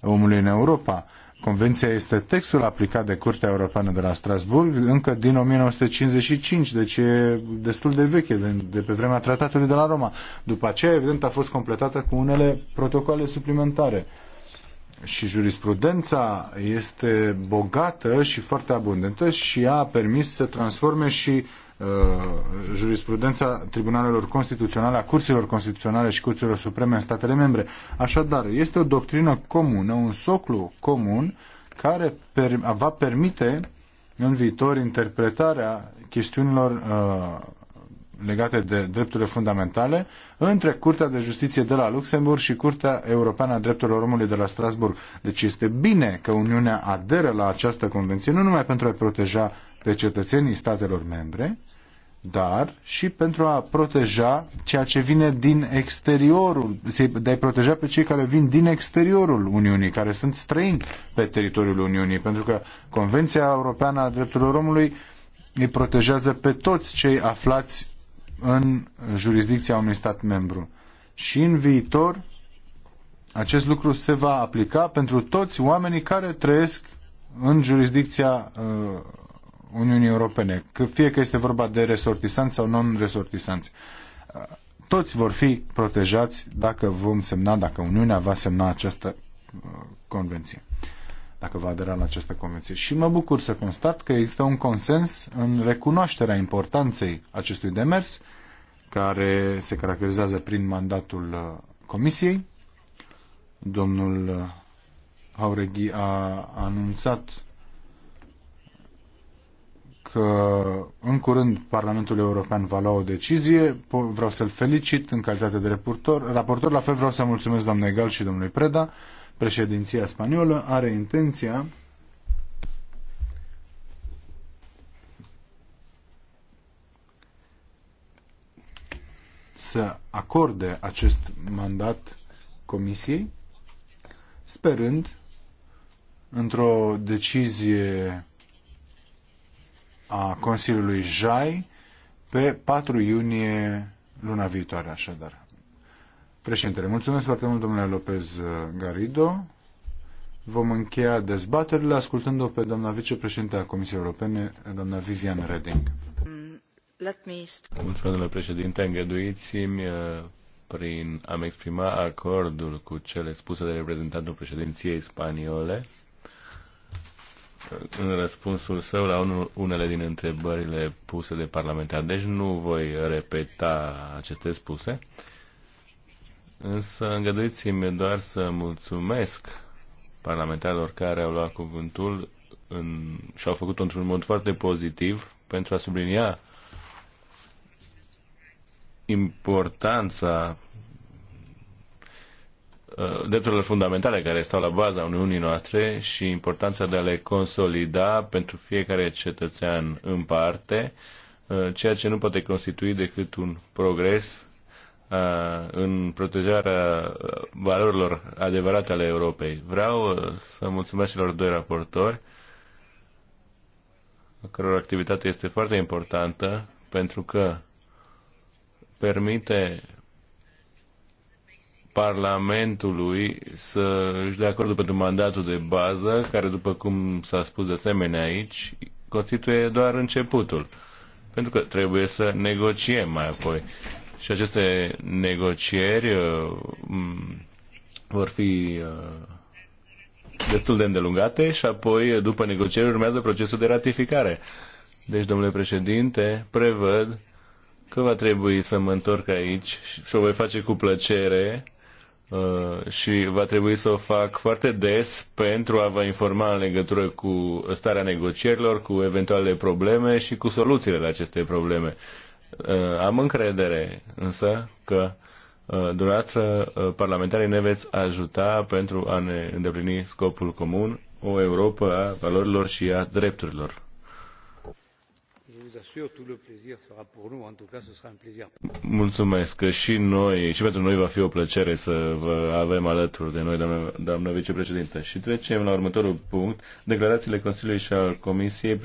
omului în Europa. Convenția este textul aplicat de Curtea Europeană de la Strasburg încă din 1955, deci e destul de veche, de, de pe vremea tratatului de la Roma. După aceea, evident, a fost completată cu unele protocoale suplimentare și jurisprudența este bogată și foarte abundentă și a permis să transforme și uh, jurisprudența tribunalelor constituționale, a curților constituționale și curților supreme în statele membre. Așadar, este o doctrină comună, un soclu comun care per, va permite în viitor interpretarea chestiunilor uh, legate de drepturile fundamentale între Curtea de Justiție de la Luxemburg și Curtea Europeană a Drepturilor Omului de la Strasburg. Deci este bine că Uniunea aderă la această convenție nu numai pentru a proteja pe cetățenii statelor membre, dar și pentru a proteja ceea ce vine din exteriorul, de a proteja pe cei care vin din exteriorul Uniunii, care sunt străini pe teritoriul Uniunii, pentru că Convenția Europeană a Drepturilor Omului îi protejează pe toți cei aflați în jurisdicția unui stat membru. Și în viitor acest lucru se va aplica pentru toți oamenii care trăiesc în jurisdicția uh, Uniunii Europene, că fie că este vorba de resortisanți sau non-resortisanți. Uh, toți vor fi protejați dacă vom semna, dacă Uniunea va semna această uh, convenție dacă va adera la această convenție. Și mă bucur să constat că există un consens în recunoașterea importanței acestui demers, care se caracterizează prin mandatul uh, Comisiei. Domnul uh, Haureghi a anunțat că în curând Parlamentul European va lua o decizie. Vreau să-l felicit în calitate de raportor. Raportor, la fel vreau să mulțumesc doamnei Gal și domnului Preda Președinția spaniolă are intenția să acorde acest mandat Comisiei, sperând într-o decizie a Consiliului JAI pe 4 iunie luna viitoare, așadar. Președintele, mulțumesc foarte mult, domnule Lopez uh, Garrido. Vom încheia dezbaterile ascultând-o pe doamna vicepreședinte a Comisiei Europene, doamna Vivian Reding. Mm, mulțumesc, domnule președinte. Îngăduiți-mi uh, prin am exprima acordul cu cele spuse de reprezentantul președinției spaniole uh, în răspunsul său la unele din întrebările puse de parlamentar. Deci nu voi repeta aceste spuse Însă îngăduiți-mi doar să mulțumesc parlamentarilor care au luat cuvântul în, și au făcut într-un mod foarte pozitiv pentru a sublinia importanța uh, drepturilor fundamentale care stau la baza Uniunii noastre și importanța de a le consolida pentru fiecare cetățean în parte, uh, ceea ce nu poate constitui decât un progres în protejarea valorilor adevărate ale Europei. Vreau să mulțumesc celor doi raportori, căror activitate este foarte importantă, pentru că permite Parlamentului să își dea acordul pentru mandatul de bază, care, după cum s-a spus de asemenea aici, constituie doar începutul. Pentru că trebuie să negociem mai apoi. Și aceste negocieri uh, vor fi uh, destul de îndelungate și apoi, uh, după negocieri, urmează procesul de ratificare. Deci, domnule președinte, prevăd că va trebui să mă întorc aici și o voi face cu plăcere și va trebui să o fac foarte des pentru a vă informa în legătură cu starea negocierilor, cu eventuale probleme și cu soluțiile la aceste probleme. Uh, am încredere însă că uh, dumneavoastră uh, parlamentarii ne veți ajuta pentru a ne îndeplini scopul comun, o Europa a valorilor și a drepturilor. Mulțumesc și noi, și pentru noi va fi o plăcere să vă avem alături de noi, doamnă, doamnă vicepreședintă. Și trecem la următorul punct, declarațiile Consiliului și al Comisiei